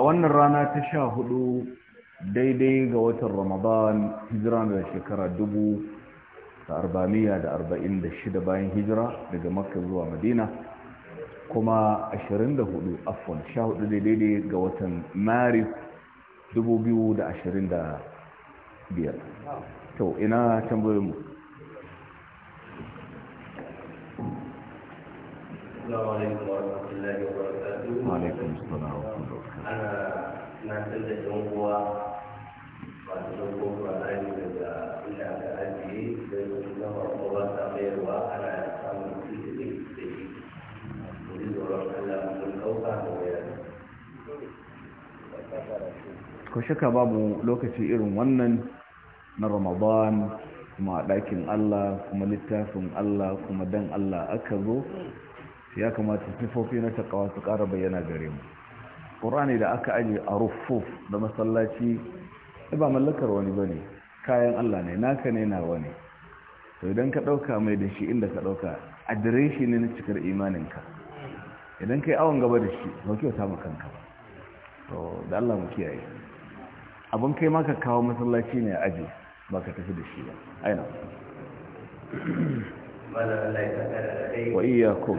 a wannan rana ta sha hudu daidai ga watan ramadan hijira da shekara dubu da arba'amiya da arba'in da shida bayan hijira daga makka zuwa madina kuma ashirin da hudu afon sha hudu daidai ga watan maris dubu biyu da ashirin da biyar to ina tambayin mu السلام عليكم ورحمة الله وبركاته وعليكم السلام ana nantar da yan uwa masu zango yi daga inda aka ajiye da zama gama ba ta mayarwa ana samun cikin da shi da yi tsoron allah mun ɗauka da wayar ko shaka babu lokaci irin wannan na ramadan kuma a ɗakin Allah kuma littafin Allah kuma dan Allah aka zo ya kamata sifofi na takawa su ƙara bayyana gare mu ƙorani da aka aji a rufuf da masallaci ba mallakar wani ba ne kayan allah ne naka ne na wani to idan ka ɗauka mai da shi inda ka ɗauka adireshi ne na cikar imaninka idan ka yi awon gaba da shi ba ta ma kanka ba to da allah mu kiyaye abin kai ma ka kawo masallaci ne a aji ba ka tafi da shi ba aina Wa وإياكم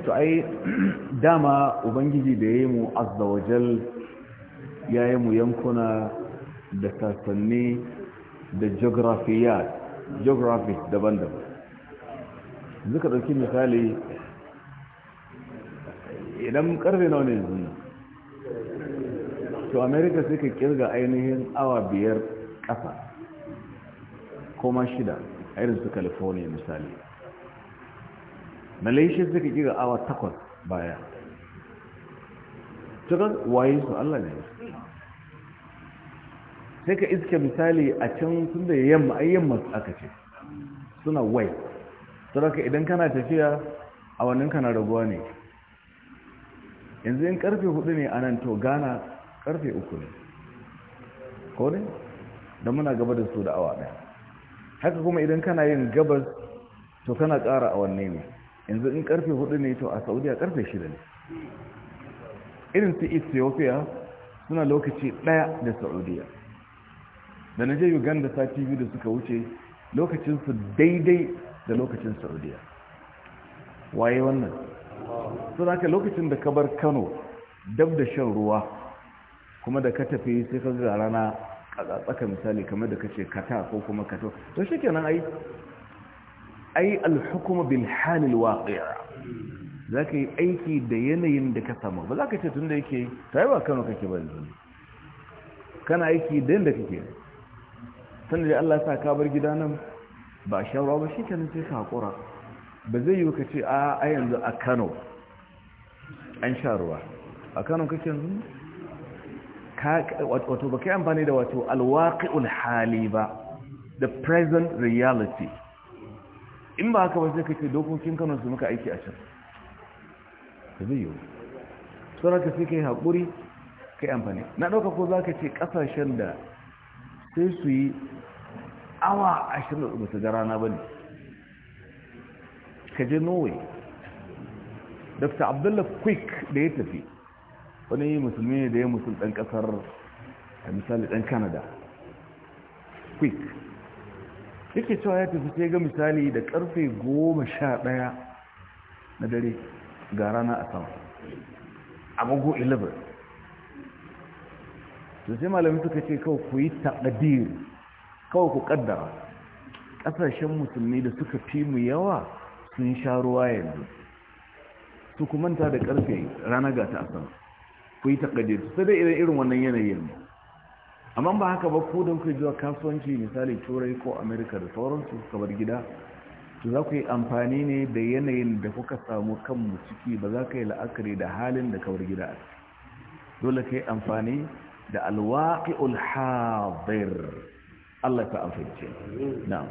to ai dama ubangiji da yayi mu azza wajal yayi mu yankuna da kasanni da geografiya geographic daban-daban zuka dauki misali idan karfe nawa ne yanzu to america sai ka kirga ainihin awa biyar kasa koma shida irin su california misali malaysia suka kira awa takwas baya cikin waye su allah ne sai ka iske misali a can sun da yamma a yamma aka ce suna wai saraka idan kana tafiya a wannan kana raguwa ne yanzu yin karfe hudu ne a nan to gana karfe uku ne ko ne don muna gaba da su da awa daya haka kuma idan kana yin gabas to kana kara awanni ne yanzu in karfe hudu ne to a saudiya karfe shida ne irin su ethiopia suna lokaci daya da saudiya da na je uganda sati biyu da suka wuce lokacinsu daidai da lokacin saudiya waye wannan sun haka lokacin da ka bar kano dab da shan ruwa kuma da ka tafi sai ka rana a tsaka misali kamar da ka ce kata ko kuma kato to shi kenan ai ai alhukuma bil halil waqi'a zaka yi aiki da yanayin da ka samu ba zaka ce tunda yake tai ba Kano kake ba kana aiki da yanda kake tunda dai Allah sa ka bar gida nan ba shawara ba shikenan sai ka hakura ba zai yi ka ce a a yanzu a Kano an sha ruwa a Kano kake yanzu wato ba kai amfani da wato alwaqi'ul hali ba the present reality in ba haka ba sai ka ce dokokin kano su muka aiki a can ka zai yiwu sauran ka sai ka yi haƙuri ka yi amfani na ɗauka ko za ka ce ƙasashen da sai su yi awa ashirin ba su ga rana ba ne ka je norway dr abdullah quick da ya tafi wani yi musulmi ne da ya musul ɗan ƙasar a misali ɗan canada quick yake cewa ya tafi sai ga misali da karfe goma sha ɗaya na dare ga rana a sama agogo 11 to sai malami suka ce kawai ku yi taɗadir kawai ku ƙaddara ƙasashen musulmi da suka fi mu yawa sun sha ruwa yanzu su kumanta da ƙarfe rana ga ta a sama ku yi taɗadir su sai dai irin wannan yanayin amma ba haka ba ku da kuke zuwa kasuwanci misali turai ko amerika da sauransu suka bar gida to za ku yi amfani ne da yanayin da kuka samu kanmu ciki ba za ka yi la'akari da halin da kawar gida a dole ka yi amfani da alwaƙi ulhabir Allah ta amfance na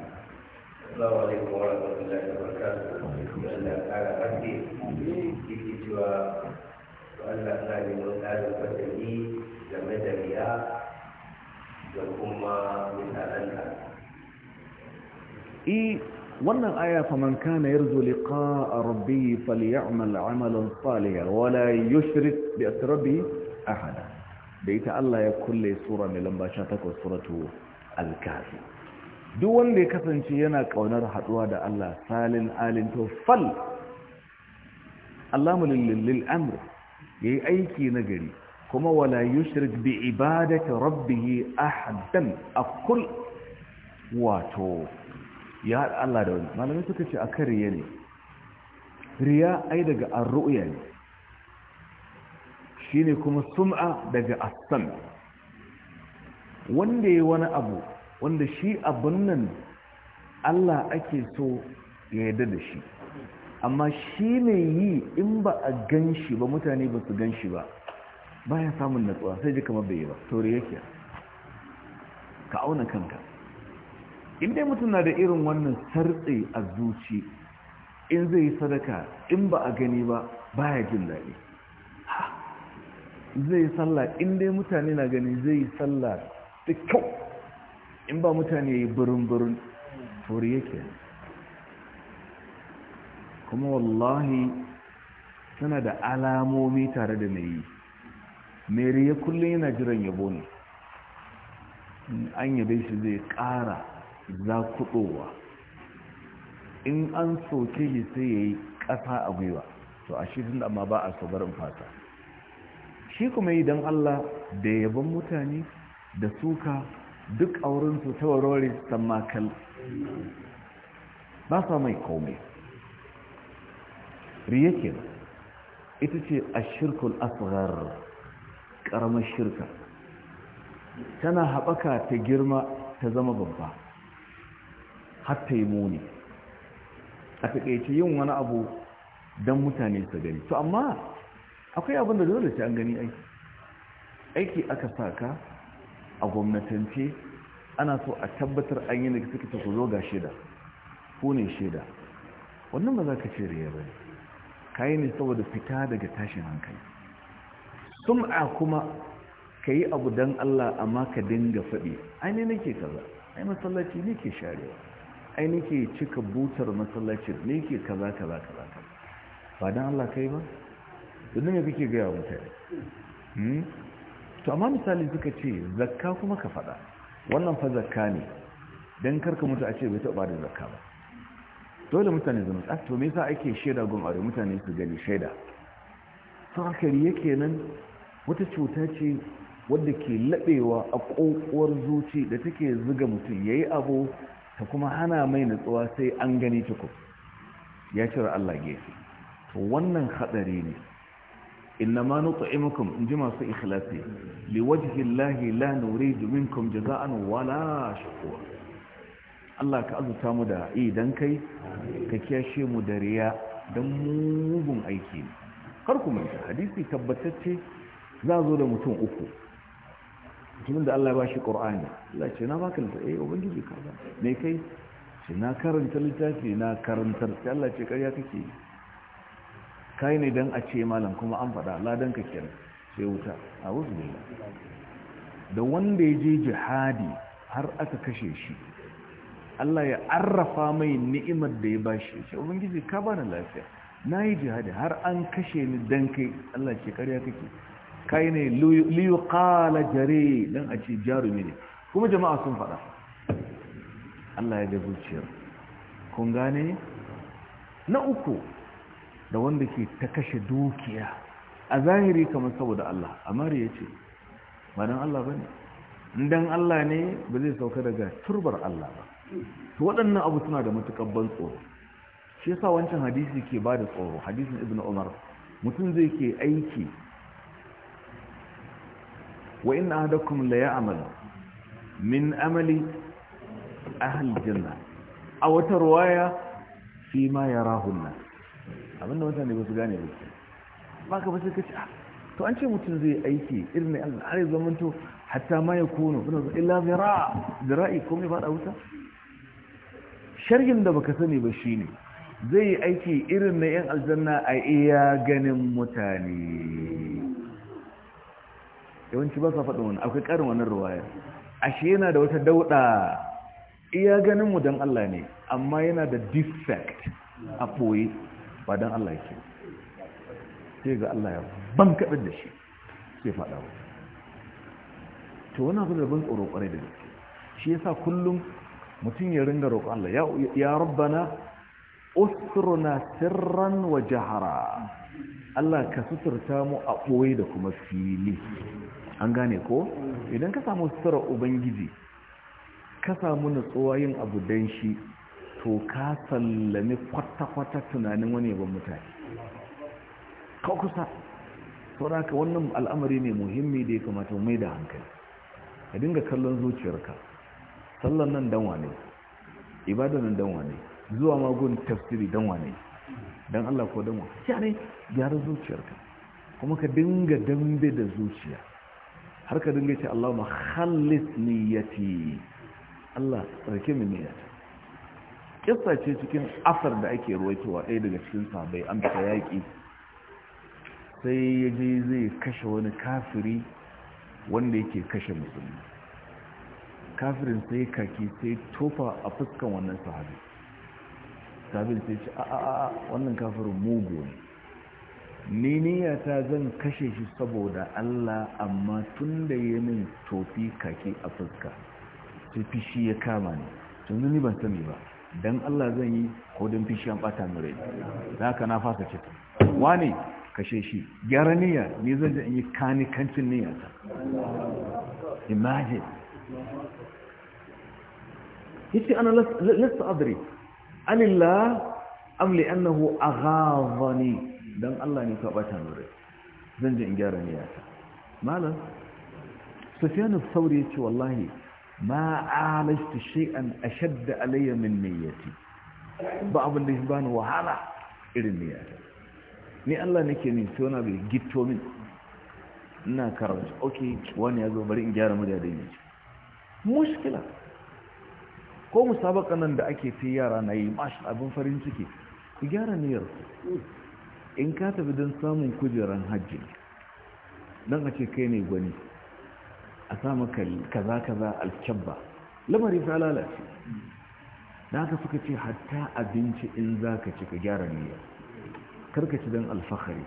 Assalamu wa wa Allah ya yi wani da fasali game da riya da kuma mutanenka i e, wannan aya faman kana yarju liqa'a rabbi falyamal 'amalan salihan wala yushrik bi asrabi ahada da ita Allah ya kulle sura mai lamba 18 suratu al-kafi duk wanda ya kasance yana kaunar haduwa da Allah salin alin to fal allamu lil amr yayi aiki na gari kuma wala yushrik bi ibadati rabbih ahadan akul wato ya hada Allah da wani malamai suka ce akan riya ne riya ai daga arru'ya ne shine kuma sum'a daga asan. wanda yi wani abu wanda shi abun nan Allah ake so ya yarda da shi amma shi ne yi in ba a gan shi ba mutane ba su gan ba baya samun natsuwa sai ji kamar bai ba tori yake ka auna kanka in mutum na da irin wannan sartsi a zuci in zai yi sadaka in ba a gani ba baya jin daɗi zai sallah in mutane na gani zai yi sallah da kyau in ba mutane yi burin-burin tori yake kuma wallahi tana da alamomi tare da mai yi mai riya kullum yana jiran yabo ne an yabe shi zai ƙara zakuɗowa in an soke shi sai ya yi ƙasa a gwiwa to a shi tun amma ba a sabarin fata shi kuma yi don allah da yabon mutane da suka duk aurinsu ta warware makal ba sa mai komai Riyakin, ita ce a shirkul asghar ƙaramar shirka tana haɓaka ta girma ta zama babba hatta yi muni a taƙaice yin wani abu don mutane su gani to amma akwai abin da dole ta an gani aiki aiki aka ka a gwamnatance ana so a tabbatar an yi daga suka tafi zo ga shida ku ne shida wannan ba za ka ce riyar ba ne ka yi ne saboda fita daga tashin hankali sum'a kuma ka yi abu don Allah amma ka dinga faɗi ne nake kaza ai masallaci ne ke sharewa ai nake cika butar masallacin ne ke kaza kaza kaza ba don Allah kai ba duk ne kake gaya mutane hmm? to amma misali suka ce zakka kuma ka faɗa wannan fa zakka ne don karka mutu a ce bai taɓa da zakka ba dole mutane zama ah, tsaf to me yasa ake shaida gun aure mutane su gani shaida sun akari yake nan wata cuta ce wadda ke laɓewa a ƙoƙuwar zuci da take zuga mutum ya yi abu ta kuma hana mai natsuwa sai an gani tuku ya cire Allah gefe wannan haɗari ne inna ma nut'imukum in ji masu ikhlasi liwajhi llahi la nuridu minkum jaza'an wala shukura Allah ka azuta mu da idan kai ka kiyashe mu da riya dan mugun aiki kar ku mai hadisi tabbatacce za zo da mutum uku mutumin da Allah ba shi ƙor'ani Allah ce na baka littafi eh ubangiji ka ba me kai ce na karanta littafi na karantar sai Allah ce ƙarya kake kai ne dan a ce malam kuma an faɗa ladan ka kenan sai wuta a wuzu da wanda ya je jihadi har aka kashe shi Allah ya arrafa mai ni'imar da ya bashi ce ubangiji ka ba na lafiya na yi jihadi har an kashe ni dan kai Allah ce ƙarya kake kai ne liyu kala jare don a ce jarumi ne kuma jama'a sun faɗa Allah ya ga ciyar kun gane na uku da wanda ke ta kashe dukiya a zahiri kamar saboda Allah amari ya ce ba don Allah ba ne don Allah ne ba zai sauka daga turbar Allah ba to waɗannan abu suna da matuƙar ban tsoro shi yasa wancan hadisi ke ba da tsoro hadisin ibn umar mutum zai ke aiki wa inna ahadakum la ya'malu min amali ahli janna a wata ruwaya fi ma yarahu an abinda mutane ba su gane ba ba ka ba sai ka ce ah, to an ce mutum zai aiki irin Allah har ya zamanto hatta ma ya kono illa zira zira'i ko mai fada wuta sharhin da baka sani ba shine zai yi aiki irin na yan aljanna a iya ganin mutane yawanci ba sa faɗin wani akwai ƙarin wani ruwayar ashe yana da wata dauɗa iya ganin mu don Allah ne amma yana da defect a ɓoye ba don Allah yake sai ga Allah ya ban kaɗin da shi sai faɗa wa to wani abu da ban tsoro ƙwarai da gaske shi ya sa kullum mutum ya ringa roƙo Allah ya rabbana usruna sirran wa jahara Allah ka suturta mu a ɓoye da kuma fili an gane ko idan ka samu sutura ubangiji ka samu nutsuwa yin abu don shi to ka sallami kwata-kwata tunanin wani yabon mutane ka kusa sauraka wannan al'amari ne muhimmi da ya kamata mai da hankali ka dinga kallon zuciyarka sallan nan danwa ne ibadan nan danwa ne zuwa magun tafsiri danwa ne don allah ko danwa ya ne gyara zuciyarka kuma ka dinga dambe da zuciya har ka dinga ce Allah ma khallis niyyati Allah tsarki min niyyata kissa ce cikin asar da ake ruwaitowa ɗaya daga cikin sabai an ta yaƙi sai ya je zai kashe wani kafiri wanda yake kashe musulmi kafirin sai kaki sai tofa a fuskan wannan sahabi sabin sai ce a a wannan kafirin mugu ne ni niyata zan kashe shi saboda Allah amma tun da yi min tofi kaki a fuska sai fishi ya kama ni tun ni ban sani ba dan Allah zan yi ko fishi an bata min rai ka na fasa ce wani kashe shi gyara niyya ni zan ji in yi kanikancin ta. imagine yace ana lasta adri alillah am li annahu aghadhani don Allah ne ka bata zan je in gyara niyyata malam sufiyanu sauri ya ce wallahi ma shi'an a shadda alayya min niyyati ba abin da shi bani wahala irin ta ni Allah ne ke sai wani bai gito min ina karanta Ok wani ya zo bari in gyara mu da dai mushkila ko musabakan nan da ake fi yara na yi mashi abin farin ciki gyara niyyar in ka tafi don samun kujeran hajji don a ce kai ne gwani a samu kaza kaza alkyabba lamari ta lalace Na ka suka ce hatta abinci in za ka ci ka gyara niyya karka ci don alfahari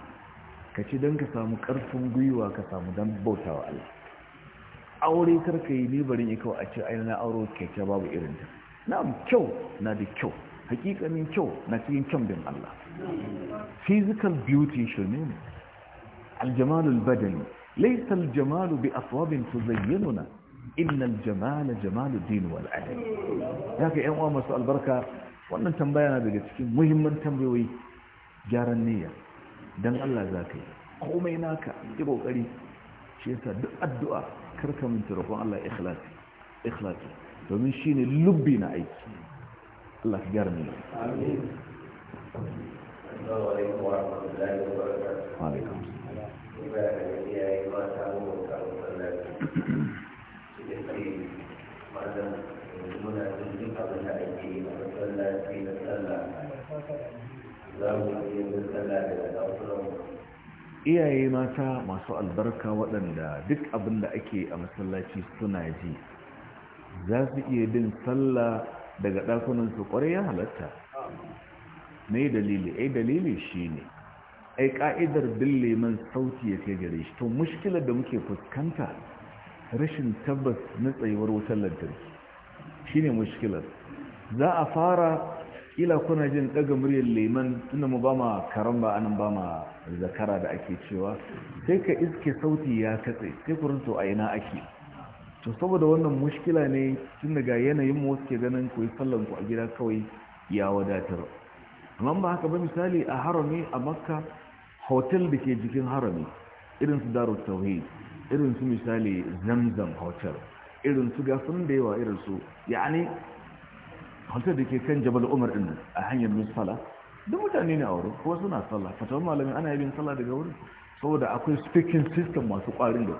ka ci don ka samu karfin gwiwa ka samu don bautawa Allah aure karka yi nibarin ya kawai a ce ainihin na auro keke babu irinta na kyau na da kyau hakikanin kyau na cikin kyan bin Allah physical beauty شنو الجمال البدني ليس الجمال بأصواب تزيننا إن الجمال جمال الدين والعلم لكن أيها أمام سؤال البركة وأن أنتم بيانا بقيتك مهم من تنبوي جار النية دن الله ذاك قوميناك يبو قلي شيئتا دعا الدعاء كركا من تروح الله إخلاتي إخلاتي ومن شيني لبنا أيك الله جار النية آمين iyaye mata masu albarka waɗanda duk abin da ake a masallaci suna ji za su iya bin sallah daga ɗakunansu ƙwarai ya halatta me dalili ai dalili shine ai ka'idar bin leman sauti ya kai gare shi to mushkilar da muke fuskanta rashin tabbas na tsayuwar wutar lantarki shine mushkilar za a fara kila kuna jin daga muryar leman inda mu ba ma karan ba anan ba ma zakara da ake cewa sai ka iske sauti ya katse sai ku rinto a ina ake to saboda wannan mushkila ne tun daga yanayin mu ke ganin ku yi sallan ku a gida kawai ya wadatar amma ba haka ba misali a harami a makka hotel da ke jikin harami irin su darut tauhid irin su misali zamzam hotel irin su gasun da yawa irin su yani hotel da ke kan jabal umar din a hanyar misala duk mutane ne a wurin kuma suna sallah fatan malami ana yin sallah daga wurin saboda akwai speaking system masu kwarin su.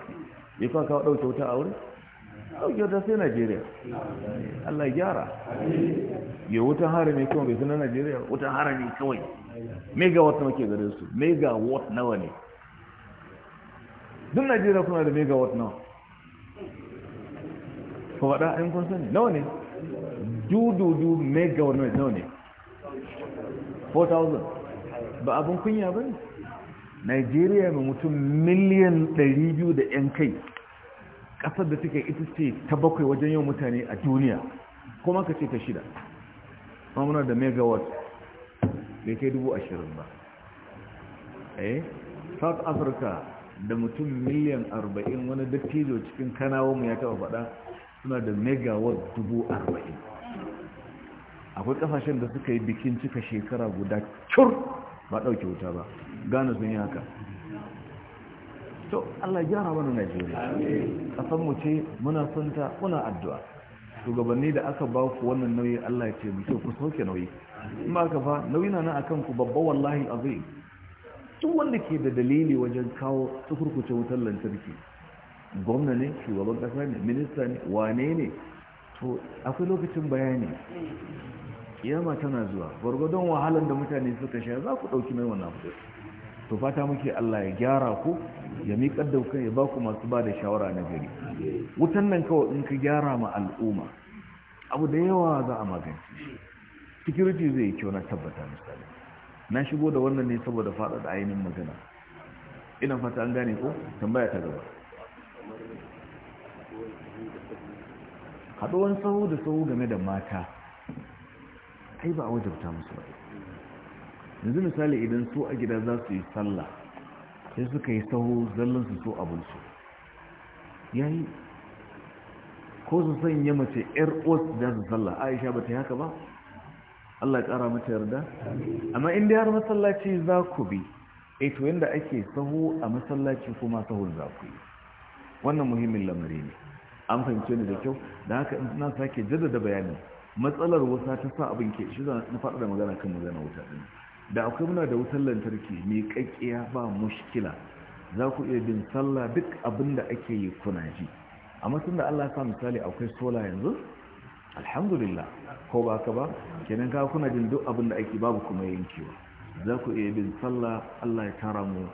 ya kawo kawo dauke wuta a wurin kyauta sai najeriya allah gyara ya wutan harami kawai bai suna najeriya wutan harami kawai megawatt na ke gare su megawatt nawa ne duk najeriya kuna da megawatt nawa ku faɗa an kun sani nawa ne dududu megawatt nawa ne 4,000 ba abin kunya ba ne najeriya mai mutum miliyan 200 da 'yan kai ƙasar da take ita ce ta bakwai wajen yau mutane a duniya kuma ka ce ta shida mamuna da megawatt bai kai dubu ashirin ba eh south africa da mutum miliyan arba'in wani dattijo cikin kanawonmu ya taba faɗa suna da megawatt dubu arba'in akwai ƙasashen da suka yi bikin cika shekara guda cur ba ɗauke wuta ba gane sun yi haka to Allah ya gyara mana Najeriya kasan mu ce muna sunta muna addu'a shugabanni da aka ba ku wannan nauyi Allah ya ce mu ce ku sauke nauyi in ba ka fa nauyi na nan akan ku babba wallahi azim duk wanda ke da dalili wajen kawo tukurkuce wutar lantarki gwamna ne shugaban kasa ne minista ne wane ne to akwai lokacin bayani Yama tana zuwa gwargwadon wahalar da mutane suka sha za ku ɗauki mai wannan abu to fata muke Allah ya gyara ku ya miƙar da ya ba ku masu ba da shawara na gari wutan nan kawai in ka gyara ma al'umma abu da yawa za a magance security zai kyau na tabbata misali na shigo da wannan ne saboda faɗa da ainihin magana ina fata an gane ko tambaya ta gaba haɗuwan sahu da sahu game da mata ai ba a wajabta musu ba yanzu misali idan su a gida za su yi sallah sai suka yi sahu zallon su so abinsu ya yi ko su sanya mace yar os da su sallah aisha ba ta yi haka ba Allah kara mata yarda amma inda har masallaci za ku bi e to yadda ake saho a masallaci kuma sahon za ku yi wannan muhimmin lamari ne an fahimce ni da kyau da haka in suna sake jaddada bayanin matsalar wasa ta sa abin ke shi na faɗa da magana kan magana wuta ɗin da akwai muna da wutar lantarki mai kakkiya ba mushkila za ku iya bin sallah duk abin ake yi kuna ji amma tun da Allah sa misali akwai sola yanzu alhamdulillah ko ba ka ba kenan ka kuna jin duk abinda ake babu kuma yankewa za ku iya bin sallah Allah ya tara mu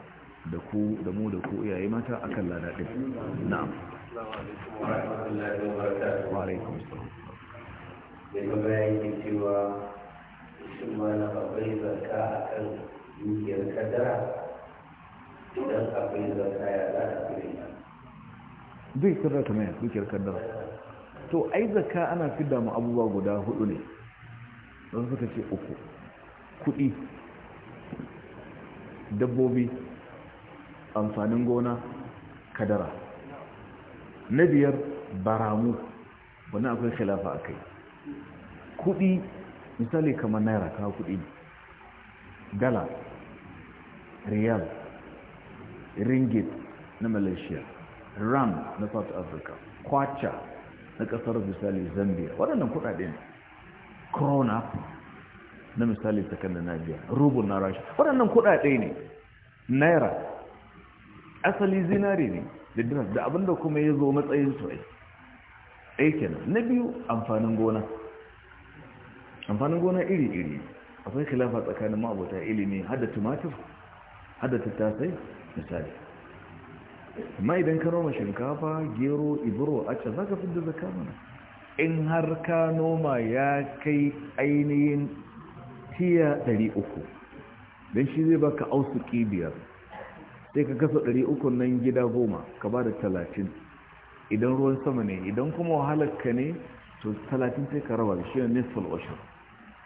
da ku da mu da ku iyaye mata akan lada din na'am wa shin malam akwai zarka a kan dukiyar kadara idan akwai zarka ya za a kudin duk kadara kamar ya dukiyar kadara to ai zarka ana fi damu abubuwa guda hudu ne don suka ce uku kudi dabbobi amfanin gona kadara na biyar baramu wani akwai khilafa a kai kudi misali kamar naira ka kuɗi dala riyal ringgit na malaysia ram na south africa kwacha na ƙasar misali zambia waɗannan kuɗaɗe ne, corona na misali najiya rubun na rasha waɗannan kuɗaɗe ne naira asali zinari ne da dinar da abinda kuma ya zo matsayin su aiki na biyu amfanin gona amfanin gona iri-iri akwai khilafa tsakanin ma'abota ilimi hada tumatir hada tattasai misali amma idan ka noma shinkafa gero ibro can za ka fidda zaka mana in har ka noma ya kai ainihin tiya 300 don shi zai baka ausu biyar sai ka kasa 300 nan gida goma ka ba da 30 idan ruwan sama ne idan kuma wahalarka ne to 30 sai ka raba shi ne nisfal ashir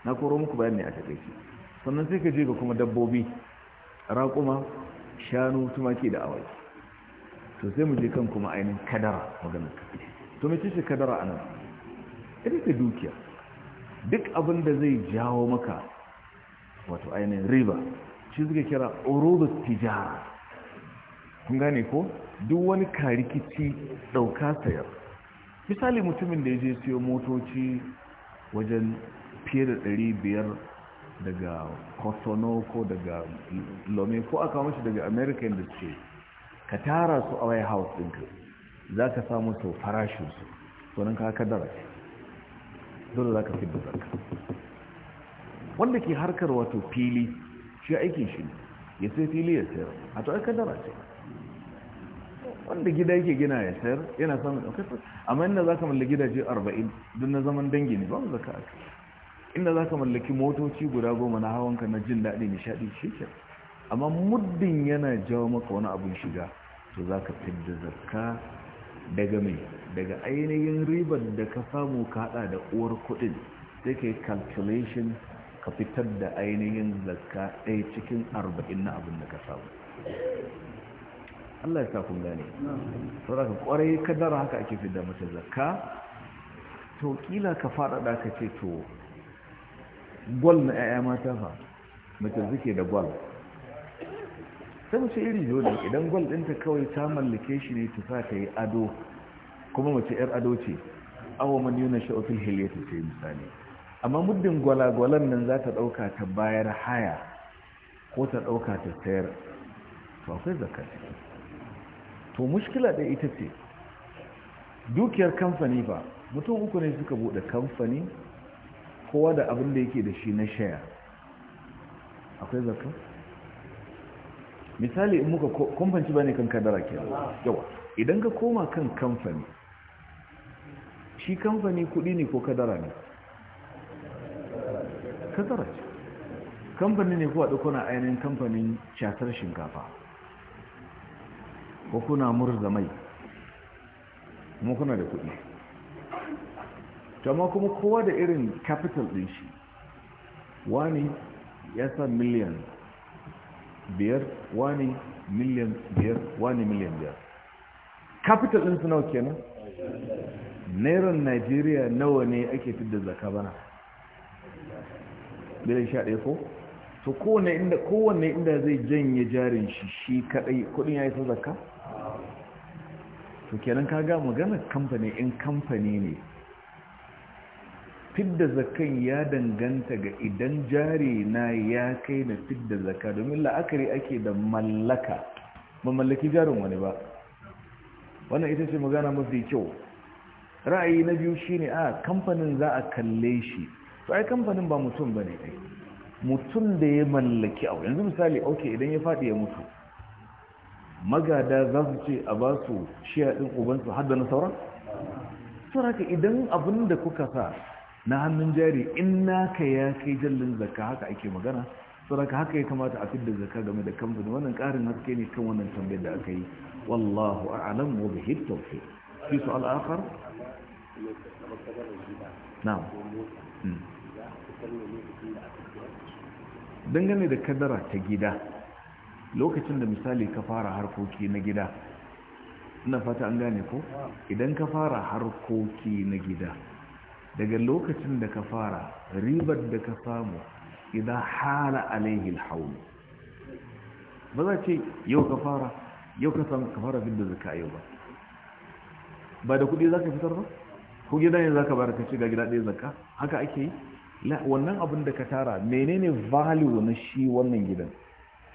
na koro muku bayan ne a takaici sannan sai ka je ga kuma dabbobi raƙuma shanu tumaki da awai to sai mu je kan kuma ainihin kadara maganar to mai ce kadara a nan ita ce dukiya duk abin da zai jawo maka wato ainihin riba shi suka kira orobar tijara kun gane ko duk wani karikici ɗauka sayar misali mutumin da ya je siyo motoci wajen fiye da ɗari biyar daga kosono ko daga lome ko aka mashi daga amerika da ce ka tara su a white house ɗinka za ka samu to farashin su sonin ka dara dole za ka fi da zarka wanda ke harkar wato fili shi aikin shi ne ya sai fili ya sayar a to aka kadara ce wanda gida yake gina ya sayar yana samun su amma inda za ka mallaki gidaje 40 don na zaman dangi ne mu zaka aka inda za ka mallaki motoci guda goma na hawanka na jin daɗi nishaɗi shi ke amma muddin yana jawo maka wani abin shiga to za ka fidda zarka daga mai daga ainihin ribar da ka samu ka haɗa da uwar kuɗin sai ka yi calculation ka fitar da ainihin zarka ɗaya cikin arba'in na abin da ka samu Allah ya sa kun gane saboda kwarai kadara haka ake da mace zakka to kila ka faɗaɗa ka ce to gwal na 'ya'ya mata fa mace zuke da gwal sai mace iri jordan idan gwal ɗinta kawai ta mallake shi ne tufa ta yi ado kuma mace 'yar ado ce awa man yuna ofin hiliyata ce misali amma muddin gwalagwalan nan za ta ɗauka ta bayar haya ko ta ɗauka ta sayar to akwai to mushkila ɗaya ita ce dukiyar kamfani ba mutum uku ne suka buɗe kamfani kowa da abin da yake da shi na shaya akwai zaka misali in muka kamfanci ba ne kan kadara ke yawa idan ka koma kan kamfani shi kamfani kuɗi ne ko kadara ne kadara ce kamfani ne kuwa ɗauko na ainihin kamfanin shatar shinkafa ko kuna murza mai kuma kuna da kuɗi amma kuma kowa da irin capital ɗin shi wani ya sa miliyan biyar wani miliyan biyar wani miliyan biyar capital ɗin su nawa kenan nairan najeriya nawa ne ake da zaka bana Bilin sha ɗaya ko to kowane inda zai janye jarin shi shi kaɗai kuɗin ya yi sun zaka to kenan ka ga maganar kamfani in kamfani ne fidda zakan ya danganta ga idan jari na ya kai na fidda zaka domin la'akari ake da mallaka ba mallaki jarin wani ba wannan ita ce magana mafi kyau ra'ayi na biyu shine a kamfanin za a kalle shi to ai kamfanin ba mutum ba ne mutum da ya mallaki abu yanzu misali ok idan ya faɗi ya mutu magada za su ce a ba su shiya ɗin ubansu har na sauran? ka idan abin da kuka sa na hannun jari in ka ya kai jallin zaka haka ake magana raka haka ya kamata a fidda zaka game da kamfani wannan ƙarin haske ne kan wannan tambayar da aka yi wallahu a'lam wa bihi tawfiq fi su'al akhar na'am hmm. dangane da kadara ta gida lokacin da misali ka fara harkoki na gida ina fata an gane ko idan ka fara harkoki na gida daga lokacin da ka fara ribar da ka samu idan hala alaihi alhaulu ba za ce yau ka fara yau ka samu ka fara bin da zaka yau ba ba da kudi zaka fitar ba ko gida ne zaka ka ka ci ga gida ɗaya zaka haka ake yi wannan abin da ka tara menene value na shi wannan gidan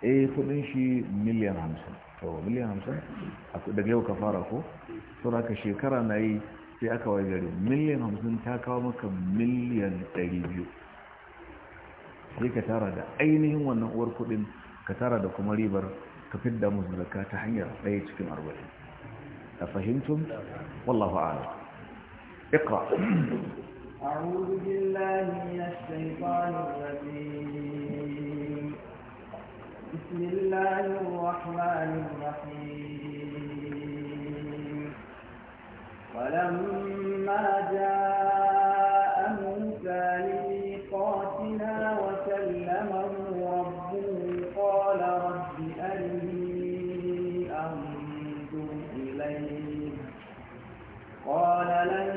eh kudin shi miliyan hamsin to miliyan hamsin daga yau ka fara ko sura ka shekara na yi sai aka wai gari miliyan hamsin ta kawo maka miliyan ɗari biyu sai ka tara da ainihin wannan uwar kudin ka tara da kuma ribar ka fidda musu zakka ta hanyar ɗaya cikin arba'in a fahimtun wallahu ala, ikra. أعوذ بالله من الشيطان الرجيم بسم الله الرحمن الرحيم ولما جاء موسى لميقاتنا وسلمه ربه قال رب أرني أنظر إليه قال لن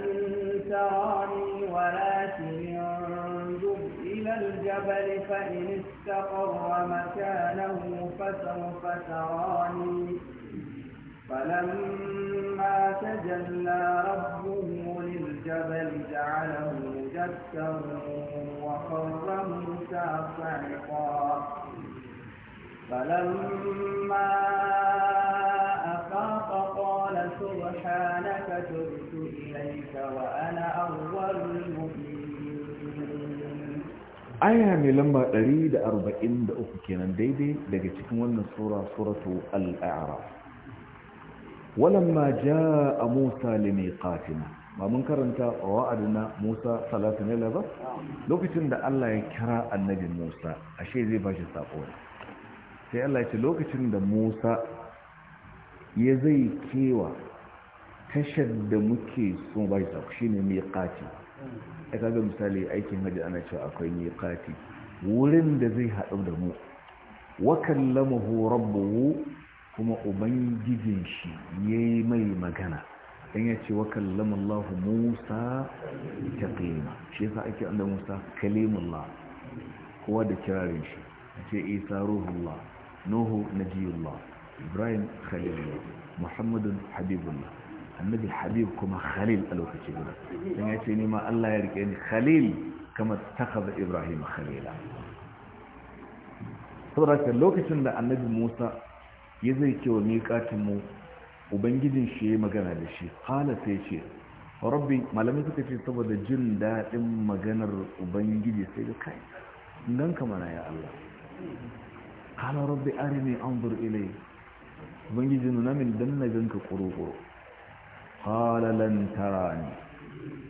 تراني ولكن انظر إلى الجبل فإن استقر مكانه فسوف تراني فلما تجلى ربه للجبل جعله دكا وخر موسى صعقا فلما أفاق قال سبحانك تبت إليك وأنا أول المؤمنين aya mai lamba 143 kenan daidai daga cikin wannan sura suratu al ma ja a musa limiqatina ba mun karanta wa'adna musa salatu ne Labar? lokacin da Allah ya kira annabi Musa ashe zai bashi sako sai Allah ya ce lokacin da Musa ya zai kewa tashar da muke sun shi ne shine miqati ya kaga misali aikin hajji ana cewa akwai miƙati wurin da zai haɗu da mu wa kallamahu rabbuhu kuma ubangijin shi yayi mai magana dan ya ce wakallamallahu Musa taqima shi yasa ake anda Musa kalimullah kowa da kirarin shi ce Isa ruhullah Nuhu najiyullah Ibrahim khalilullah Muhammadun habibullah annabi habib kuma khalil a lokaci guda don ya ce nima allah ya rike ni khalil kama takaza ibrahim khalila saboda ka lokacin da annabi musa ya zai kewa mu ubangijin shi ya magana da shi hala sai ce rabbi malami suka ce saboda jin daɗin maganar ubangiji sai ga kai don mana ya allah hala rabbi arini anzur ilai ubangiji nuna min don na ganka kuro-kuro قال لن تراني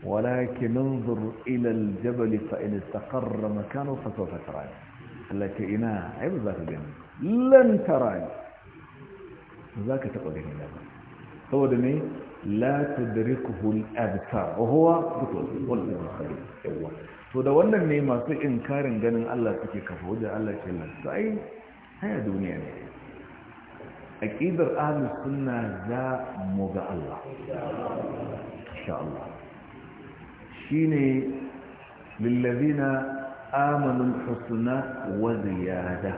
ولكن انظر إلى الجبل فإن استقر مكانه فسوف تراني لك إناء عبد ذاك بينه لن تراني ذاك تقول لهم لك هو دمي لا تدركه الأبتار وهو بطول والله خليل أول فدولنا ما في إنكار إن قال الله تكي كفهود الله كلا سأي هيا دنيا نيمة aqidar ahlus suna za mu ga Allah insha Allah shine lillazina amanu husna wa ziyada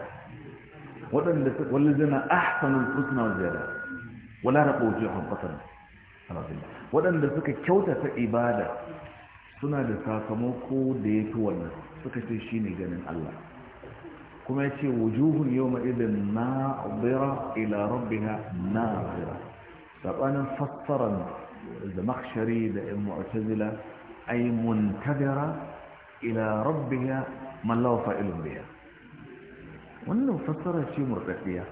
wadanda wallazina ahsanu husna wa ziyada wala raqu wujuhum qatan wadanda suka ta ibada suna da sakamako da ya fi wannan suka ce shi ne ganin Allah kuma ya ce wujuhun yau ma'idin na'adira ila rabbiha na'adira saɓanin fassaran da makshari da yan mu'tazila ay muntadira ila rabbiha mallawa fa'ilun biya wannan fassara ce murɗaɗɗiya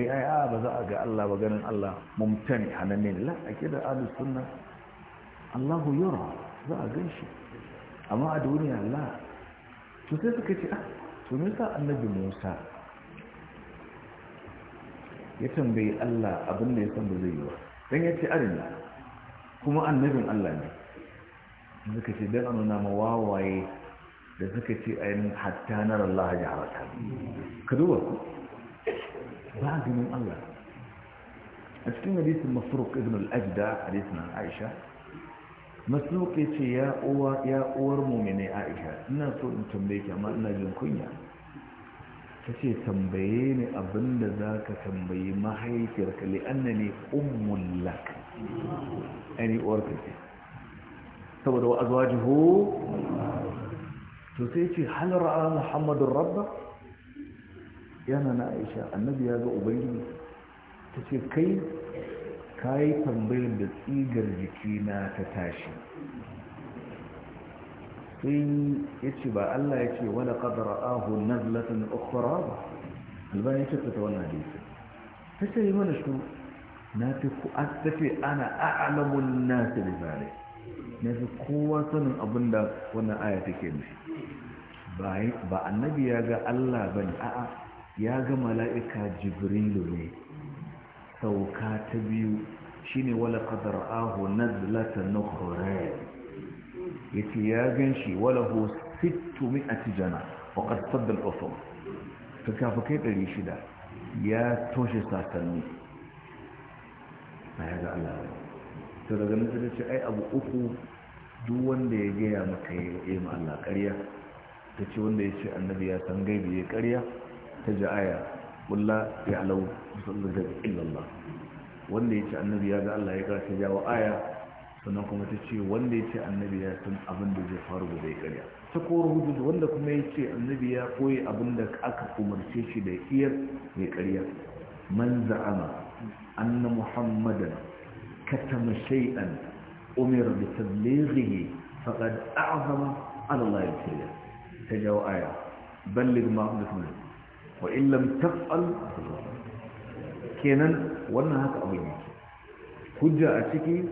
wai ai a ba za a ga Allah ba ganin Allah mumtani hananne ne la da ahlus sunna Allahu yura za a ganshi amma a duniya la sosai sai suka ce ah to nisa annabi musa ya tambayi allah abin da ya san ba zai yi ba don ya ce arina kuma annabin allah ne suka ce don annuna ma wawaye da suka ce ainihin hatta na rallaha jaharata ka duba ku ba ganin allah a cikin hadisin masuruk ibn al-ajda hadisin aisha masruq yace ya uwa ya uwar mu'mini Aisha ina so in tambaye ki amma ina jin kunya tace tambaye ni abinda zaka tambayi mahaifiyarka li annani ummul lak ani ka ce saboda wa azwajuhu to sai ce hal ra'a muhammadur rabba yana na Aisha annabi ya ga ubangiji tace kai ka yi tambayar da tsigar jikina ta tashi sai ya ce ba Allah ya ce wani ƙadara ahu na zlatin ƙwaƙwara ba albani ce ta wannan hadisi ta ce yi mana shi na fi ku'attafe ana a'alamun nasu da zare na fi kowa sanin abin da wannan aya take nufi ba annabi ya ga Allah ban a'a ya ga mala'ika jibrilu ne sauka ta biyu shine wala aho na zilatar na yace ya ce ya ganshi wala mi a tijana wa ƙasar ta kafa kai ɗari shida ya toshe sasanni ya ga Allah ta daga nan ce ai abu uku duk wanda ya gaya maka ya yi ma Allah ƙarya ta ce wanda ya ce annabi ya san gaibi ya ƙarya ta ji aya ƙulla ya alau musallar illallah wanda ya ce annabi ya ga Allah ya kasa jawo aya sannan kuma ta ce wanda ya ce annabi ya san abin da zai faru da ya ta kowar hujjoji wanda kuma ya ce annabi ya koyi abin da aka umarce shi da iyar ya kariya, man za'ama anna muhammadan katama shay'an umir bi tablighihi faqad a'zama ala Allah al-kiya ta jawo aya balligh ma undasna wa in lam kenan wannan haka abu yake hujja a ciki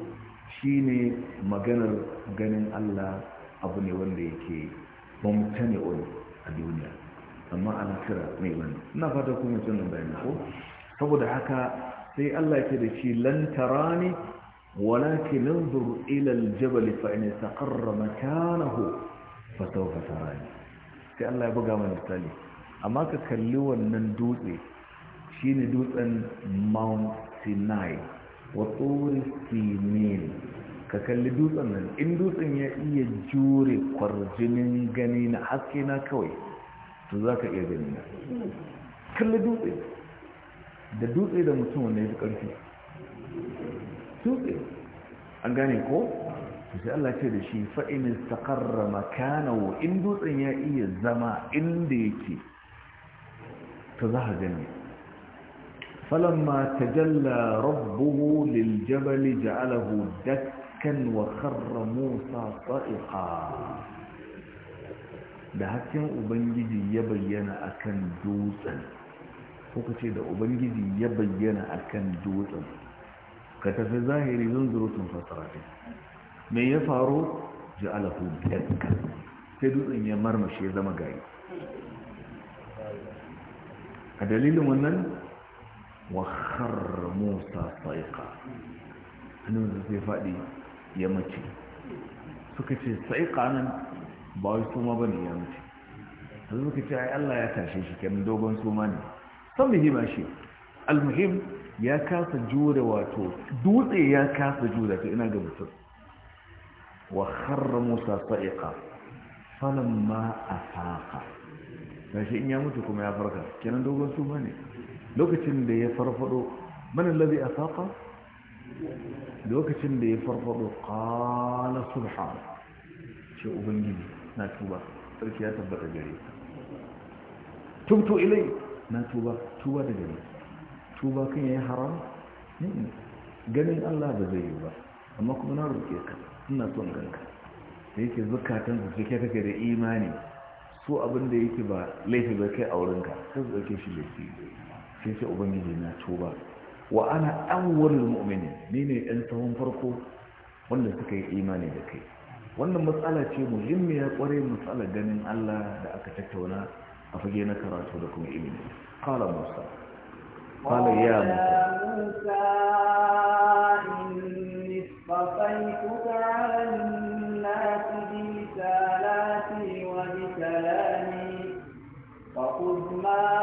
shine maganar ganin Allah abu ne wanda yake bamtane wani a duniya amma ana kira mai wannan ina fata kuma sunan bayani ko saboda haka sai Allah yake da shi lan tarani ila aljabal fa in فإن makanahu fa sawfa tarani sai Allah ya buga mana misali amma ka kalli wannan dutse ne dutsen mount sinai wa tsori sinil ka kalli dutsen nan in dutsen ya iya jure kwarjinin gani na haske na kawai to za ka iya gani na kalli dutse da dutse da mutum wanda ya fi ƙarfi dutse an gane ko sai Allah ce da shi fa'imin istaqarra makanawo in dutsen ya iya zama inda yake to za ka gani فلما تجلى ربه للجبل جعله دكا وخر موسى طائقا da hakkin ubangiji ya bayyana akan dutsen kuka ce da ubangiji ya bayyana akan dutsen ka tafi zahiri zan zunzurutun fasarafi me ya faru ji alahu dakkan sai dutsen ya marmashe zama gari a dalilin wannan wa kharra musa saiqa hannun sai faɗi ya mace suka ce saiƙa nan ba wai suma ba ne ya mace sai suka ce ai Allah ya tashe shi kenan dogon suma ne san muhimma shi almuhim ya kasa jure wato dutse ya kasa jure ta ina ga mutum wa kharra musa saiqa falamma afaqa sai in ya mutu kuma ya farka kenan dogon suma ne lokacin da ya farfado manan labi a faƙa lokacin da ya farfado ƙala subhan ce ubangiji na tuba sarki ya tabbata gare tubto ilai na tuba tuba da gare tuba kan ya yi haram ganin allah ba zai yi ba amma kuma na roƙe ka ina son ganka da yake zukatan su suke kake da imani su abin da yake ba laifi ba kai a wurinka sai su ɗauke shi laifi sai sai ubangiji na tuba wa ana awwalul mu'minin ni ne ɗan tsawon farko wanda suka yi imani da kai wannan matsala ce muhimmiya kwarai matsala ganin Allah da aka tattauna a fage na karatu da kuma ilimi qala musa qala ya musa inni fasaituka 'ala bi wa bi kalami ma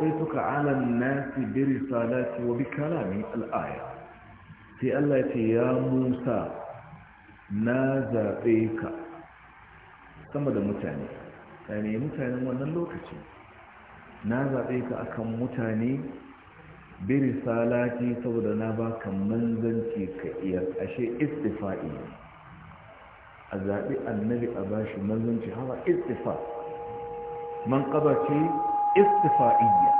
وصيتك على الناس برسالاتي وبكلامي الآية في التي يا موسى نازبيك كما ده متاني يعني متاني وانا اللوكتي نازبيك أكم متاني birisalati saboda na baka manzanci ka iya ashe istifa'i a zaɓi annabi a bashi manzanci hawa istifa man ƙaba ce istifa'iyya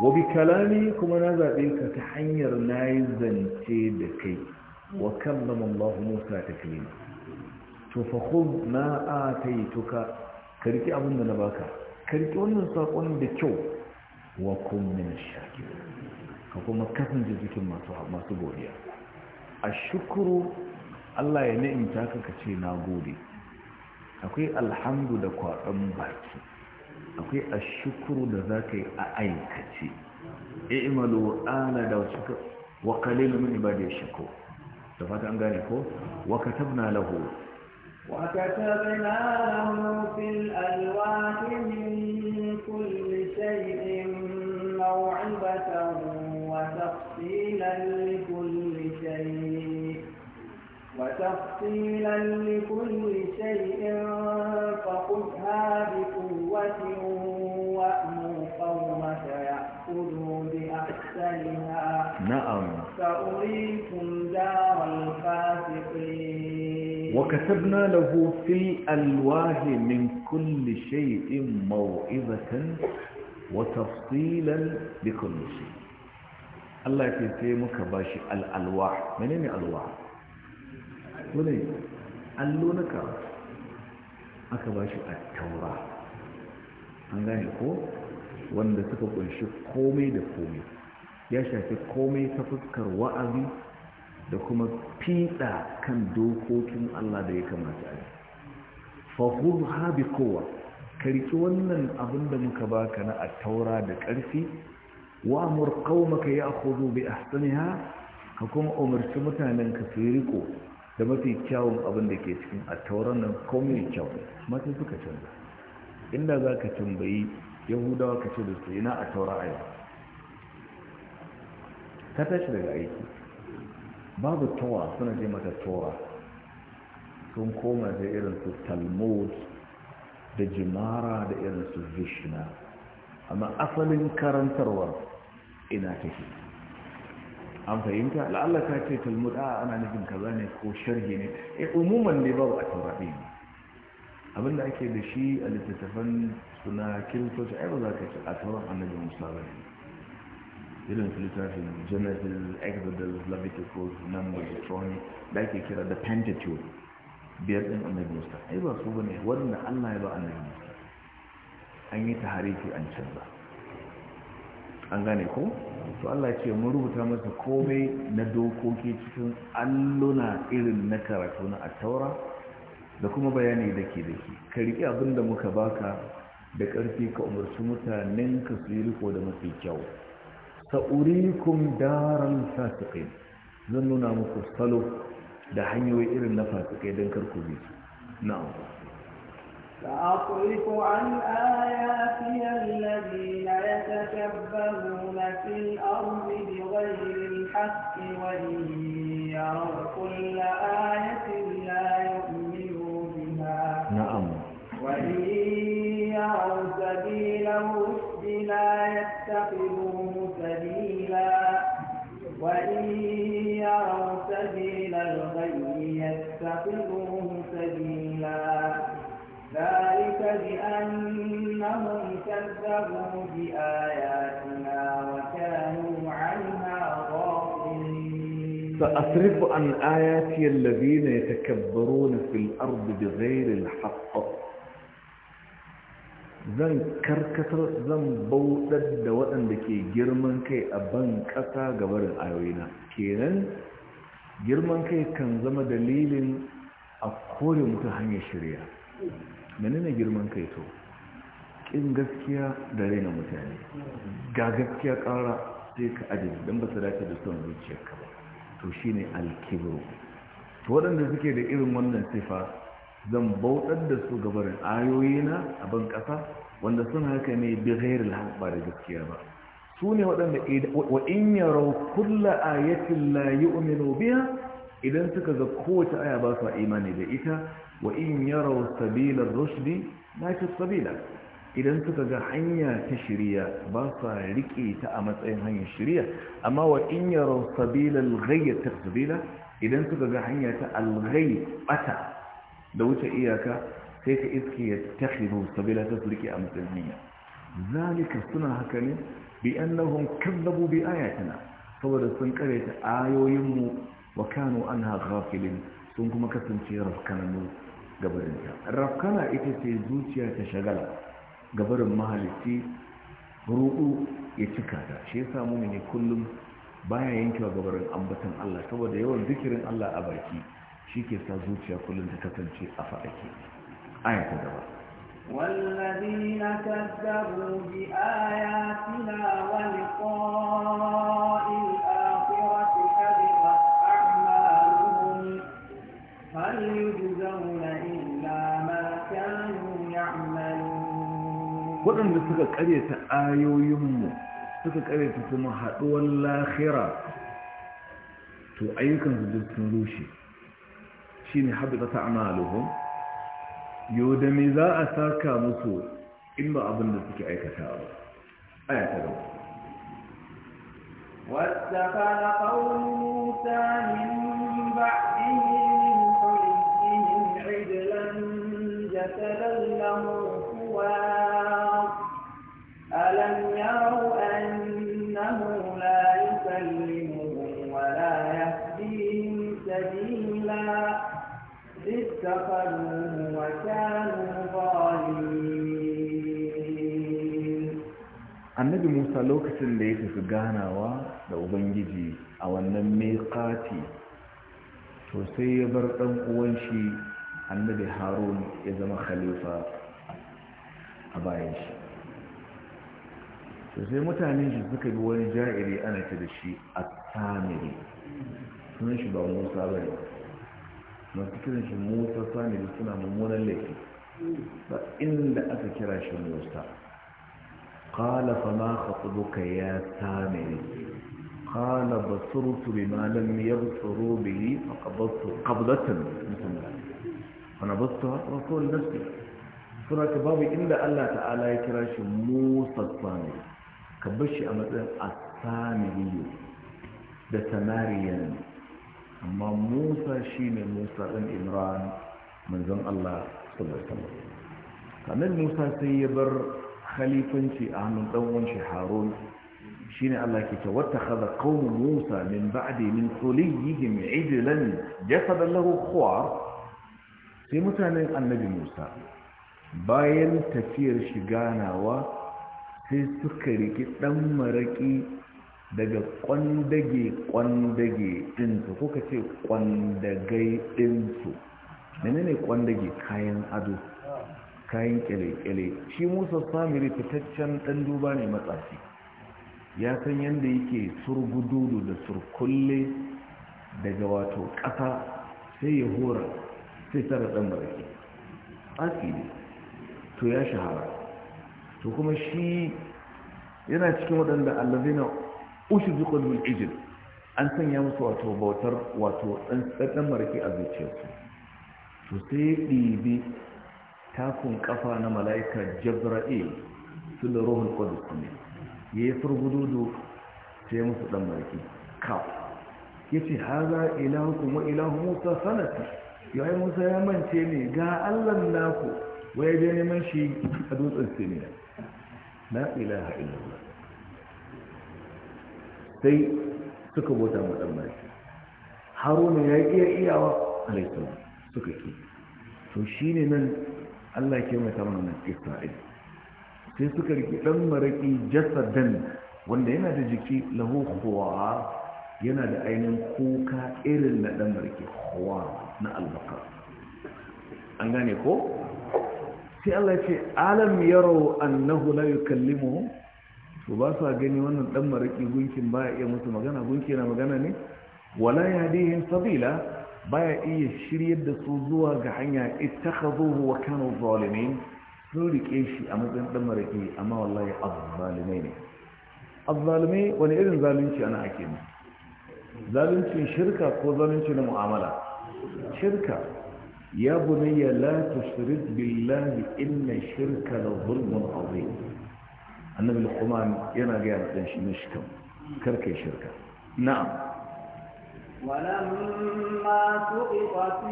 wa bi kalami kuma na zaɓe ka ta hanyar na yi zance da kai wa kallama Allah Musa taklima to fa khudh ma ataituka karki abin da na baka karki wannan sakon da kyau wa kun min shakir ka kuma kasance cikin masu masu godiya ashkuru Allah ya in ka kace na gode akwai alhamdu da kwaɗon baki akwai a shukuru da za ka yi a aikace i'malu ana da suka wa qalilu min ibadi shiko da fata an gane ko wa katabna lahu wa katabna lahu fil alwahi min kulli shay'in maw'ibatan wa tafsilan li kulli وتفصيلا لكل شيء فخذها بقوة وأمر قومك يأخذوا بأحسنها نعم سأريكم دار الفاسقين وكتبنا له في الألواه من كل شيء موعظة وتفصيلا لكل شيء الله يتيمك باشي الألواح منين الألواح dole allo na ka aka ba shi a taura an gane ko wanda suka kunshi komai da komai ya shafi komai ta fuskar wa'azi da kuma fiɗa kan dokokin Allah da ya kamata a yi fahur habi kowa karki wannan abin da muka baka na a taura da ƙarfi wa murƙau maka ya kudu bai a ka kuma umarci mutanen ka su riko da mafi kyawun abin da ke cikin a tauron nan komai kyau masu suka canza inda za ka tambayi yahudawa ka ce da su na a taura a yau Ta tashi daga aiki babu tawa suna je mata tawa, sun koma da irin su talmud da jimara da irin su vishna amma asalin karantarwar ina take an fahimta la'alla ka ce talmud a ana nufin kaza ne ko sharhi ne eh umuman ne babu a taurabi ne abinda ake da shi a littattafan suna kiristoci ai ba za ka ce a tauran annabi musa ba ne irin su littafin genesis exodus leviticus numbers deuteronomy da ake kira da pentateuch biyar din annabi musa ai ba su bane wanda allah ya ba annabi musa an yi taharifi an canza an gane ko to Allah ce mun rubuta masa komai na dokoki cikin alluna irin na karatu na taura. da kuma bayani da ke da ka riƙi abin da muka baka da ƙarfi ka umarci mutanen ka su yi riko da mafi kyau sa'urikum daran fasikai zan nuna muku salo da hanyoyi irin na fasikai don karku bi na'am فأصرف عن آياتي الذين يتكبرون في الأرض بغير الحق وإن يروا كل آية لا يؤمنوا بها نعم وإن يروا سبيل الرشد لا يتخذوه سبيلا وإن يروا سبيل الغي يتخذوه سبيلا ذلك بأنهم كذبوا بآياتنا وكانوا عنها غافلين سأصرف عن آياتي الذين يتكبرون في الأرض بغير الحق zan karkatar zan bautar da waɗanda ke girman kai a ban ƙasa ga barin ayoyina kenan girman kai kan zama dalilin a kore mutu hanyar shirya menene girman kai to ƙin gaskiya da raina mutane ga gaskiya ƙara sai ka aje don ba su dace da son ka ba to shi ne alkibro to waɗanda suke da irin wannan sifa zan bautar da su gabarin ayoyina a ban ƙasa wanda sun haka ne bi ghairil ba da gaskiya ba su ne waɗanda wa in yaro kulla ayatin la yu'minu biha idan suka ga kowace aya ba su imani da ita wa in yaraw sabilar rushdi na ce sabila idan suka ga hanya ta shirya ba su riƙe ta a matsayin hanyar shirya amma wa in yaraw sabilar ghayyata sabila idan suka ga hanya ta alghai bata da wuce iyaka sai ka iske ya takhiru sabila ta riƙe a matsayin hanya zalika suna haka ne bi annahum kazzabu bi ayatina saboda sun kare ta ayoyinmu. wa kanu anha filin sun kuma kasance rafkananu gabarinta rafkana ita ce zuciya ta shagala gabarin mahalicci ruɗu ya cika ta shi yasa mu ne kullum baya yankewa gabarin ambatan Allah saboda yawan zikirin Allah a baki shi ke sa zuciya kullum ta kasance a faɗake aya ta gaba والذين كذبوا بآياتنا ولقاء الآخرة هل يجزون إلا ما كانوا يعملون قلن بسكة قرية آيو يمو suka karyata kuma haɗuwar lahira to ayyukansu duk sun rushe shi ne haɓita ta amaluhun yau da za a saka musu in ba abin da suke aikata aya ta مثلا له خوار ألم يروا أنه لا يكلمهم ولا يهديهم سبيلا اتخذوه وكانوا annabi musa lokacin da ya tafi ganawa da ubangiji a wannan mai to sai ya bar ɗan uwan shi annabi harun ya zama khalifa a bayan shi to sai mutane shi suka bi wani ja'iri ana ta da shi a samiri sunan shi ba musa ba ne masu kiran shi musa samiri suna mummunan laifi ba inda aka kira shi musa قال فما خطبك يا سامري قال بصرت بما لم يبصروا به فقبضت قبضة مثل fanabastu rasul nafsi suna ka babu inda Allah ta'ala ya kira shi musassani ka bar shi a matsayin asamiriyo da samariyan amma musa shi ne musa ɗan imran manzon Allah sallallahu kamar musa sai ya bar khalifanci a hannun ɗan shi harun shine Allah ke ce wata khadha qaum musa min ba'di min suliyihim ijlan jasada lahu khuwar sai mutanen annabi musa bayan tafiyar shi ganawa sai suka riki ɗan maraƙi daga kwandage-kwandage ko kuka ce kwandagai dinsu? mene ne kwandage kayan ado kayan kyale-kyale shi musa samiri fitaccen ɗan duba ne matsafi ya san yadda yake surgududu da surkulle daga wato ƙasa sai ya hora sai tsara ɗan baraki asi ne to ya shahara to kuma shi yana cikin waɗanda allazina ushi zuƙon min ijil an sanya musu wato bautar wato ɗan maraki a zuciyarsu to sai ɗibi takun ƙafa na mala'ika jabra'il su da ruhun ƙwadus ne ya yi furgududu sai musu ɗan maraki kaf ya ce haza ilahukun wa ilahun musa sanata yawai musa ya mance ne ga allan naku wai je neman shi a dutsen Siniya? na ilaha illallah sai suka bota matsalar haruna ya iya iyawa alaikun suka ki to shi ne nan allah ke mai samun nan isra'il sai suka riki dan maraki jasadan wanda yana da jiki lahu kuwa yana da ainihin kuka irin na ɗan marke kowa na albakar an gane ko? sai Allah ce alam yaro annahu la yukallimuhu to ba su gani wannan ɗan marke gunkin ba ya iya musu magana gunki na magana ne wala ya yadihim sabila baya iya shiryar da su zuwa ga hanya ita zo wa kanu zalimin sun rike shi a matsayin ɗan marke amma wallahi azzalumai ne azzalumai wani irin zalunci ana ake musu zaluncin shirka ko zalunci na mu'amala shirka ya bunayya la tusrid billahi inna shirka la zulmun azim annabi luqman yana ga yaran shi ne shirka karkai shirka na'am ولما سقط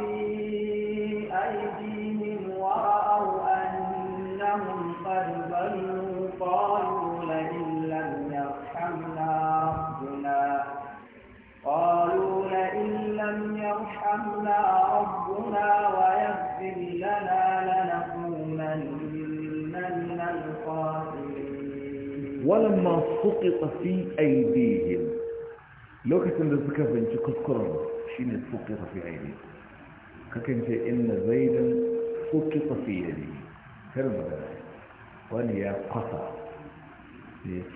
في أيديهم ورأوا أنهم قد ضلوا قالوا قالوا لئن لم يرحمنا ربنا ويغفر لنا لنكونن من الخاسرين ولما سقط في ايديهم لو كنت ذكرت انت كذكرنا شين سقط في ايديهم كان في ان زيدا سقط في يدي كلمة وليا قصى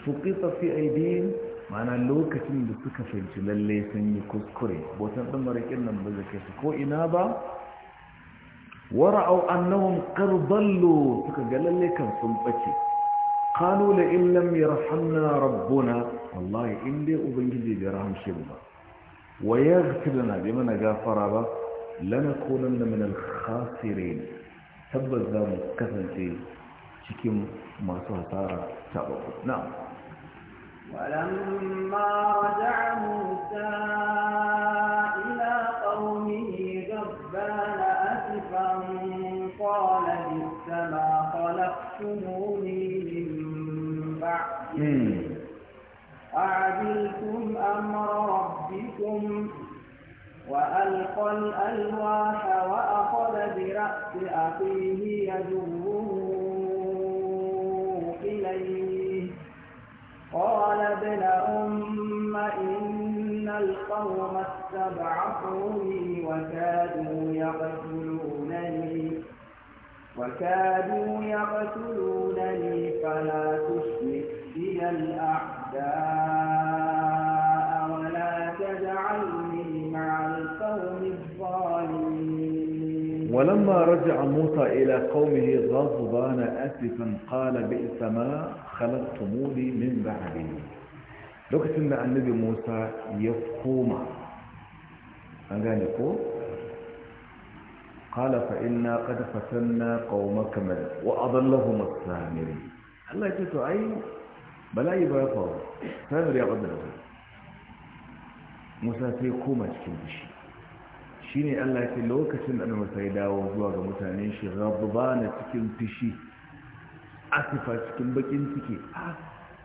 سقط في ايديهم mana lokacin da suka fahimci lalle sun yi kuskure botan ɗin maraƙin nan ba zake su ko ina ba wara'au annahum qardallu suka ga lalle kan sun bace qalu la in lam yarhamna rabbuna wallahi in dai ubangiji bai rahamshe ba wa yaghfir lana bi mana gafara ba lanakunanna min al-khasirin tabbas za mu kasance cikin masu hasara ta na'am ولما رجع موسى إلى قومه غضبان أسفا قال بئس ما خلقتموني من بعدي أعدلتم أمر ربكم وألقى الألواح وأخذ برأس أخيه يجره إليه قال ابن أم إن القوم استبعثوني وكادوا يقتلونني وكادوا يقتلونني فلا تشرك بي الأعداء ولما رجع موسى إلى قومه غضبان أسفا قال بئس ما خلقتموني من بعدي لو كتبنا عن النبي موسى يفقوما أنقاني قال فإنا قد فتنا قومك من وأضلهم السامري الله يتسو أي بلا يبقى سامري أقدر موسى في كومة كل شيء shine Allah ya ce lokacin da Musa ya dawo zuwa ga mutane shi rabbana cikin fishi asifa cikin bakin ciki A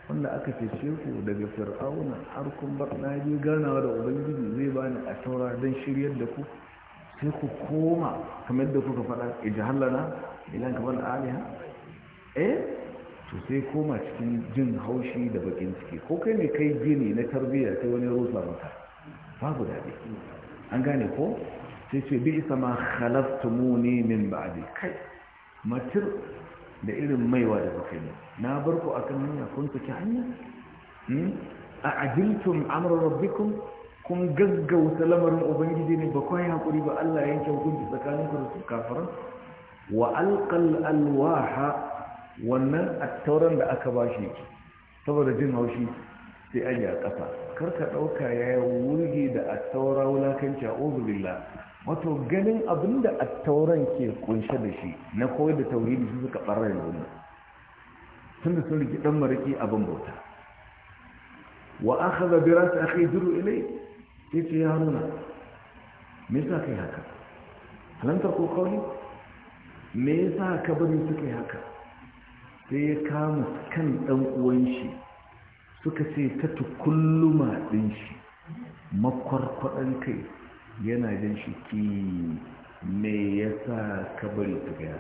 wanda aka cece ku daga fir'auna har kun bar na je ganawa da ubangiji zai bani a taura don shiryar da ku sai ku koma kamar da kuka faɗa ijahallana ilan kamar aliha eh to sai koma cikin jin haushi da bakin ciki ko kai ne kai gini na tarbiyya sai wani rusa maka babu daɗi an gane ko sai ce bi isa ma khalaftumuni min ba'di kai matir da irin maiwa da kai yi na bar ku akan hanya kun saki hanya hmm? a ajiltum amra rabbikum kun gaggauta lamarin ubangiji ne ba ku hakuri ba Allah yanke hukunci tsakanin ku da su wa alƙal alwaha wannan attauran da aka bashi saboda jin haushi sai an yi a ƙasa karka ɗauka ya yi wurgi da a taura wulakanci a ozubila wato ganin abin da tauran ke kunshe da shi na koyar da da su suka ɓarar da wani tun da sun riki ɗan mariki abin bauta wa an haza bira su aka yi duru ilai ya ce ya nuna me yasa kai haka halantar ko kauli me sa ka bari suka yi haka sai ya kama kan ɗan uwan shi suka ce ta tukulluma ɗin shi makwarkwaɗon kai yana jin shi ki me ya sa kabari ta gaya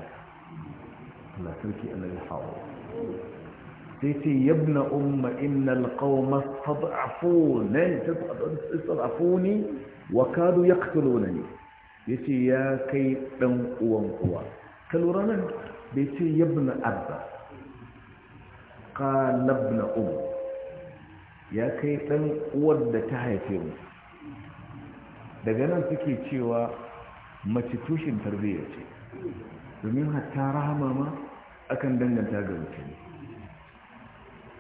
latarki alal hawa sai ce yabna umma innal qawma tad'afuni wa kadu yaqtulunani yace ya kai dan uwan uwa kalura nan bai ce yabna abba qala umma ya kai ɗan uwar da ta haife mu daga nan suke cewa mace tushen tarbiyya ce domin hatta rahama ma akan danganta ga mace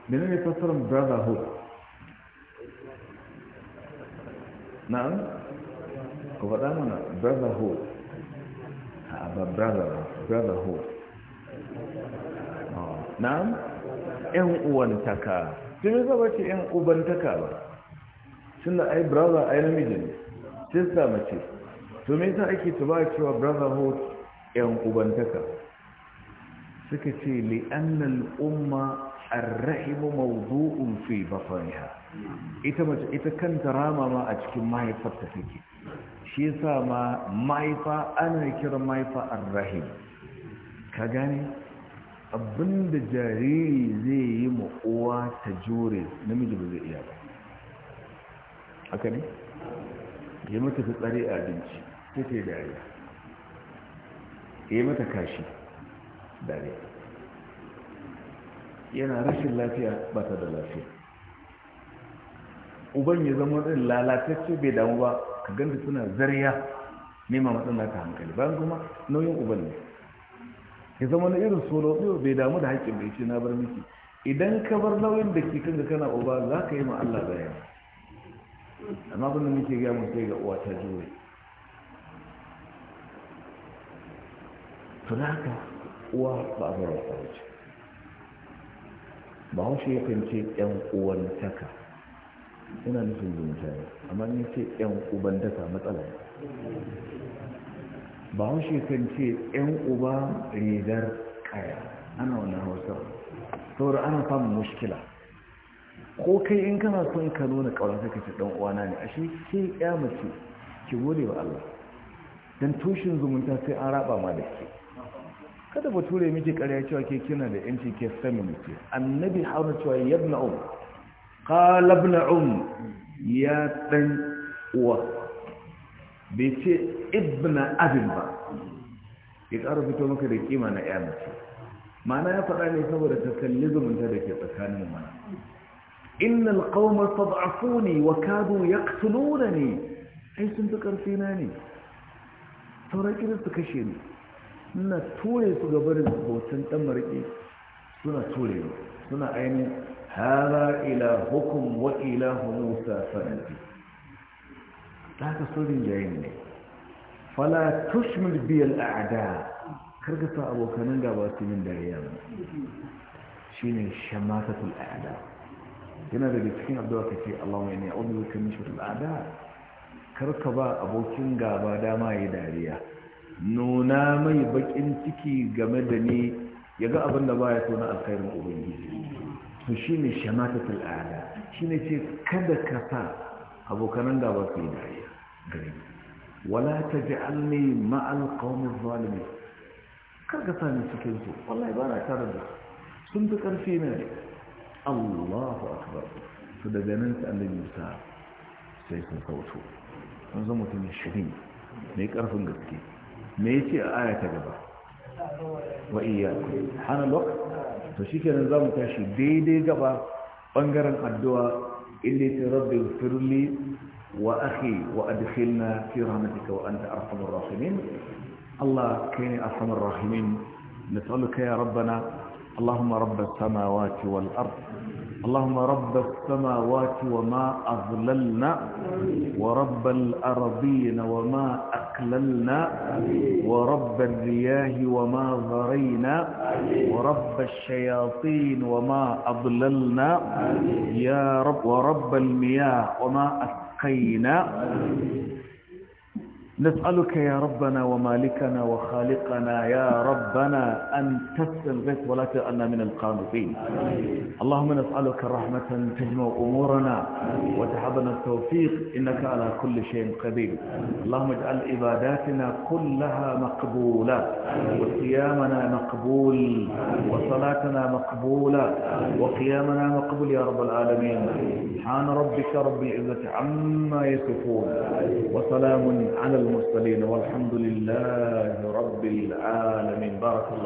ne nan ne fassarar brotherhood na'am ku faɗa mana brotherhood a ba brother brotherhood na'am 'yan uwantaka firisa ba ce yan ubantaka ba Shin da ai brother ai namiji ne sister mace to me ta ake tuba cewa ho yan ubantaka suka ce li'annal umma arrahimu mawdu'un fi batniha ita mace ita kanta rama ma a cikin mahaifarta take shi yasa ma mahaifa ana kiran mahaifa arrahim ka gane Abin da jariri zai yi ma uwa ta jure namiji ba zai iya ba aka ne yi mata fitsari a abinci ta take dariya yi mata kashi dariya yana rashin lafiya ba ta da lafiya uban ya zama zai lalatacce bai damu ba ka ganta suna zariya nema matsan ta hankali bayan kuma nauyin uban ne ya zama na irin solo biyu bai damu da haƙƙin bai ce na bar miki idan ka bar nauyin da ke kanka kana uba za ka yi ma Allah bayan amma abin da muke gaya mun kai ga uwa ta jure to haka uwa ba a zara ta wuce ba haushe ya kance yan uwan taka ina nufin zumunta ne amma ni ce yan uban daka matsala ba haushe kan ce ‘yan uba rigar kaya ana wani hausar saboda ana samun mushkila ko kai in kana son ka nuna ƙaunar ka ce ɗan uwana ne ashe ke ya mace ki gode wa Allah don tushen zumunta sai an raba ma da ke kada ba ture miki karya cewa ke kina da yanci ke sami muke annabi haunar cewa yabna um qala um ya ɗan uwa bai ce ibna abin ba ya ƙara fito maka da kima na ya mace mana ya faɗa ne saboda ta kalli zumunta da ke tsakanin mana innal qauma tad'afuni wa kadu yaqtulunani ai sun fi ƙarfi na ne sauraki su kashe ni ina ture su ga barin hoton dan suna ture, suna ainihin hara ila hukum wa ila musa sanadi ta haka sojin jayin ne fala tushmil biyal a'da karka sa abokanan gaba su min dariya Shi ne shamatatul a'ada. yana daga cikin abdu'a kace Allahumma inni a'udhu bika min sharril a'da karka ba abokin gaba dama yayi dariya nuna mai bakin ciki game da ni yaga abin da baya so na alkhairin ubangiji to shine shamatatul Shi shine ce kada ka sa abokanan da ba su yi dariya gare wala ta ji alni ma'al ƙaunin zalimi karka sami cikin su wallahi ba na tare da sun fi ƙarfi ne allahu akbar su da ganin su annabi sa sai sun kauto sun zama mutum shirin mai karfin gaske me yace a aya ta gaba wa iyyakum hana lok to za mu tashi daidai gaba bangaren addu'a إلي ربي اغفر لي وأخي وأدخلنا في رحمتك وأنت أرحم الراحمين الله كيني أرحم الراحمين نسألك يا ربنا اللهم رب السماوات والأرض اللهم رب السماوات وما أظللنا ورب الأرضين وما أقللنا ورب الرياه وما ذرينا ورب الشياطين وما أضللنا يا رب ورب المياه وما أسقينا نسألك يا ربنا ومالكنا وخالقنا يا ربنا أن تسلم الغيث ولا تجعلنا من القانطين اللهم نسألك رحمة تجمع أمورنا وتحبنا التوفيق إنك على كل شيء قدير اللهم اجعل عباداتنا كلها مقبولة وصيامنا مقبول وصلاتنا مقبولة وقيامنا مقبول يا رب العالمين سبحان ربك رب العزة عما يصفون وسلام على المرسلين المرسلين والحمد لله رب العالمين بارك الله